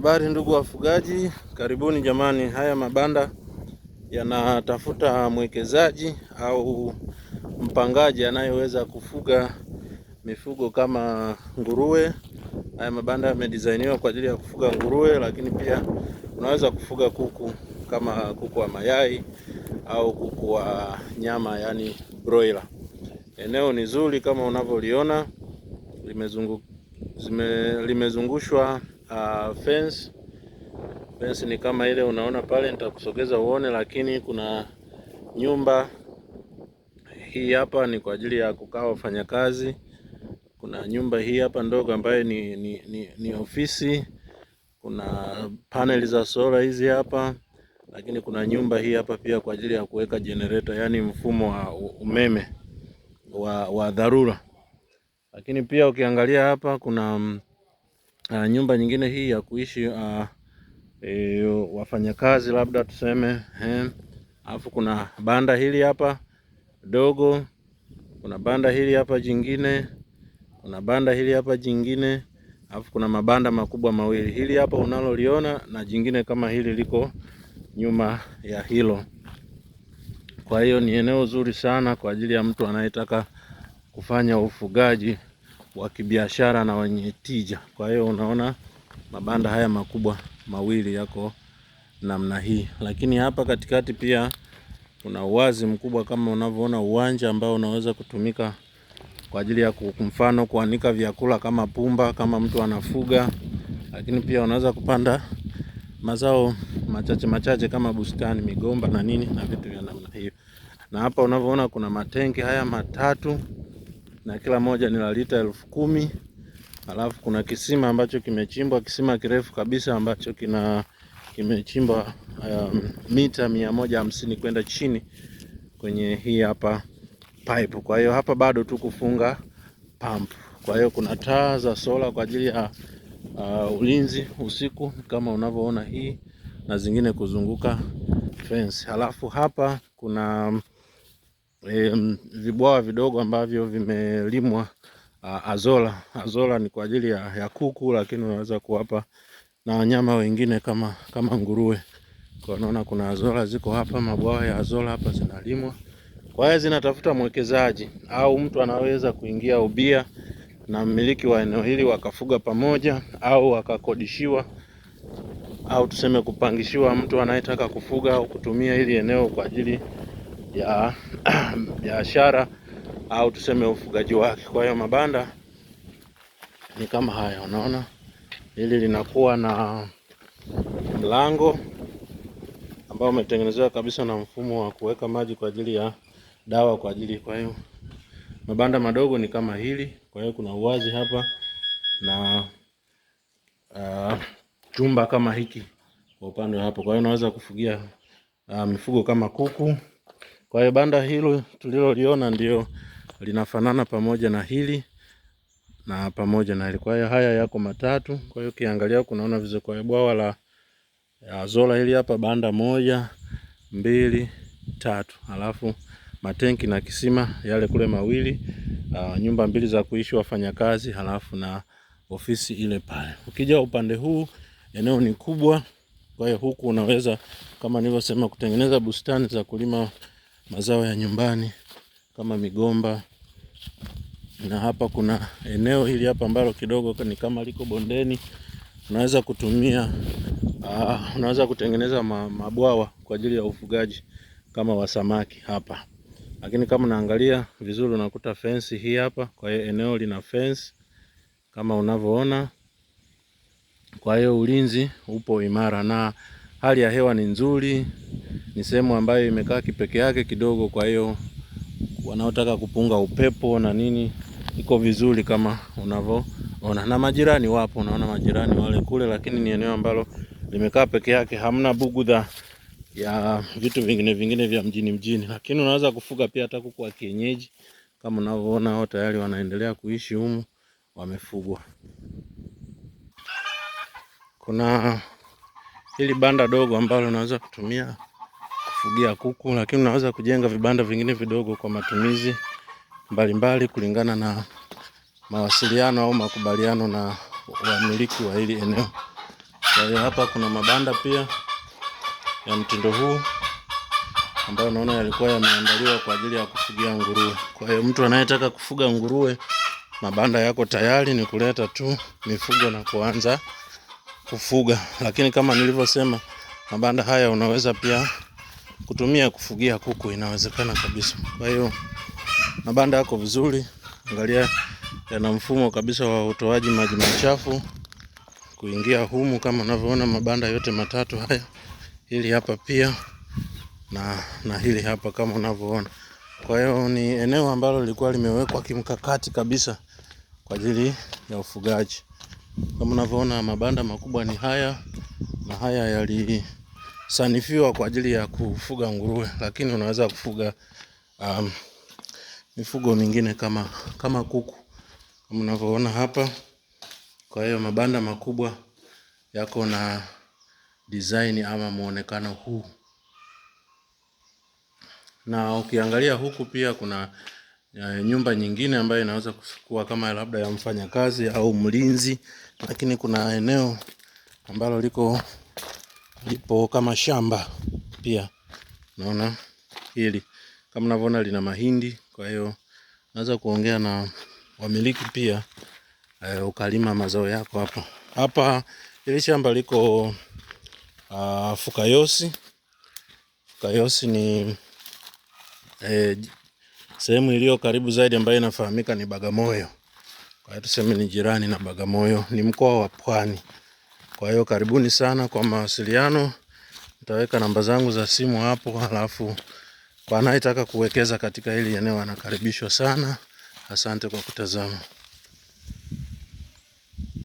Habari ndugu wafugaji, karibuni jamani. Haya mabanda yanatafuta mwekezaji au mpangaji anayeweza kufuga mifugo kama nguruwe. Haya mabanda yamedizainiwa kwa ajili ya kufuga nguruwe, lakini pia unaweza kufuga kuku kama kuku wa mayai au kuku wa nyama, yani broiler. Eneo ni zuri kama unavyoliona limezungushwa uh, fence. Fence ni kama ile unaona pale, nitakusogeza uone, lakini kuna nyumba hii hapa ni kwa ajili ya kukaa wafanyakazi. Kuna nyumba hii hapa ndogo ambayo ni, ni, ni, ni ofisi. Kuna paneli za sola hizi hapa, lakini kuna nyumba hii hapa pia kwa ajili ya kuweka generator, yani mfumo wa umeme wa, wa dharura. Lakini pia ukiangalia hapa kuna mm, uh, nyumba nyingine hii ya kuishi uh, ah, e, eh, wafanyakazi labda tuseme eh, Alafu kuna banda hili hapa dogo, kuna banda hili hapa jingine, kuna banda hili hapa jingine, alafu kuna mabanda makubwa mawili, hili hapa unaloliona na jingine kama hili liko nyuma ya hilo. Kwa hiyo ni eneo zuri sana kwa ajili ya mtu anayetaka kufanya ufugaji wa kibiashara na wenye tija. Kwa hiyo unaona mabanda haya makubwa mawili yako namna hii, lakini hapa katikati pia kuna uwazi mkubwa kama unavyoona, uwanja ambao unaweza kutumika kwa ajili ya mfano kuanika vyakula kama pumba, kama mtu anafuga, lakini pia unaweza kupanda mazao machache machache kama bustani, migomba na nini na vitu vya namna hiyo. Na hapa unavyoona kuna matenki haya matatu na kila moja ni la lita elfu kumi. Alafu kuna kisima ambacho kimechimbwa, kisima kirefu kabisa ambacho kina kimechimbwa um, mita mia moja hamsini kwenda chini kwenye hii hapa pipe. Kwa hiyo hapa bado tu kufunga pump. Kwa hiyo kuna taa za sola kwa ajili ya uh, ulinzi usiku kama unavyoona hii na zingine kuzunguka fence. Halafu hapa kuna um, e, vibwawa vidogo ambavyo vimelimwa azola. Azola ni kwa ajili ya, ya kuku, lakini unaweza kuwapa na wanyama wengine kama, kama nguruwe. Kwa naona kuna azola ziko hapa, mabwawa ya azola hapa zinalimwa, kwa hiyo zinatafuta mwekezaji au mtu anaweza kuingia ubia na mmiliki wa eneo hili wakafuga pamoja au wakakodishiwa au tuseme kupangishiwa mtu anayetaka kufuga au kutumia hili eneo kwa ajili ya biashara au tuseme ufugaji wake. Kwa hiyo mabanda ni kama haya, unaona hili linakuwa na mlango ambao umetengenezewa kabisa na mfumo wa kuweka maji kwa ajili ya dawa kwa ajili. Kwa hiyo mabanda madogo ni kama hili. Kwa hiyo kuna uwazi hapa na uh, chumba kama hiki kwa upande wa hapo. Kwa hiyo unaweza kufugia uh, mifugo kama kuku kwa hiyo banda hilo tuliloliona ndio linafanana pamoja na hili na pamoja na hili. Kwa hiyo haya yako matatu. Kwa hiyo ukiangalia huko unaona vizuri. Kwa hiyo bwawa la Zola hili hapa banda moja, mbili, tatu. Alafu matenki na kisima yale kule mawili, uh, nyumba mbili za kuishi wafanyakazi, halafu na ofisi ile pale. Ukija upande huu eneo ni kubwa. Kwa hiyo huku unaweza kama nilivyosema kutengeneza bustani za kulima mazao ya nyumbani kama migomba, na hapa kuna eneo hili hapa ambalo kidogo ni kama liko bondeni. Unaweza kutumia uh, unaweza kutengeneza mabwawa kwa ajili ya ufugaji kama wa samaki hapa, lakini kama unaangalia vizuri unakuta fence hii hapa. Kwa hiyo eneo lina fence kama unavyoona, kwa hiyo ulinzi upo imara na hali ya hewa ni nzuri ni sehemu ambayo imekaa kipeke yake kidogo, kwa hiyo wanaotaka kupunga upepo na nini iko vizuri kama unavyoona, na majirani wapo, unaona majirani wale kule, lakini ni eneo ambalo limekaa peke yake, hamna bugudha ya vitu vingine vingine vya mjini mjini, lakini unaweza kufuga pia hata kuku wa kienyeji kama unavyoona, wao tayari wanaendelea kuishi humu, wamefugwa. Kuna hili banda dogo ambalo unaweza kutumia kufugia kuku, lakini unaweza kujenga vibanda vingine vidogo kwa matumizi mbalimbali mbali, kulingana na mawasiliano au makubaliano na wamiliki wa hili eneo. Kwa hiyo hapa kuna mabanda pia ya mtindo huu ambayo naona yalikuwa yameandaliwa kwa ajili ya kufugia nguruwe. Kwa hiyo mtu anayetaka kufuga nguruwe, mabanda yako tayari, ni kuleta tu mifugo na kuanza kufuga. Lakini kama nilivyosema, mabanda haya unaweza pia kutumia kufugia kuku inawezekana kabisa. Kwa hiyo mabanda yako vizuri, angalia yana mfumo kabisa wa utoaji maji machafu kuingia humu, kama unavyoona mabanda yote matatu haya, hili hapa pia na, na hili hapa kama unavyoona. Kwa hiyo ni eneo ambalo lilikuwa limewekwa kimkakati kabisa kwa ajili ya ufugaji. Kama unavyoona mabanda makubwa ni haya na haya yali sanifiwa kwa ajili ya kufuga nguruwe, lakini unaweza kufuga um, mifugo mingine kama kama kuku kama unavyoona hapa. Kwa hiyo mabanda makubwa yako na design ama muonekano huu, na ukiangalia huku pia kuna eh, nyumba nyingine ambayo inaweza kuwa kama labda ya mfanyakazi au mlinzi, lakini kuna eneo ambalo liko lipo kama shamba pia. Naona hili kama unavyoona lina mahindi, kwa hiyo naweza kuongea na wamiliki pia e, ukalima mazao yako hapa hapa. Hili shamba liko ah, Fukayosi. Fukayosi ni e, sehemu iliyo karibu zaidi ambayo inafahamika ni Bagamoyo, kwa hiyo tuseme ni jirani na Bagamoyo, ni mkoa wa Pwani. Kwa hiyo karibuni sana kwa mawasiliano, nitaweka namba zangu za simu hapo, halafu kwa anayetaka kuwekeza katika hili eneo anakaribishwa sana. Asante kwa kutazama.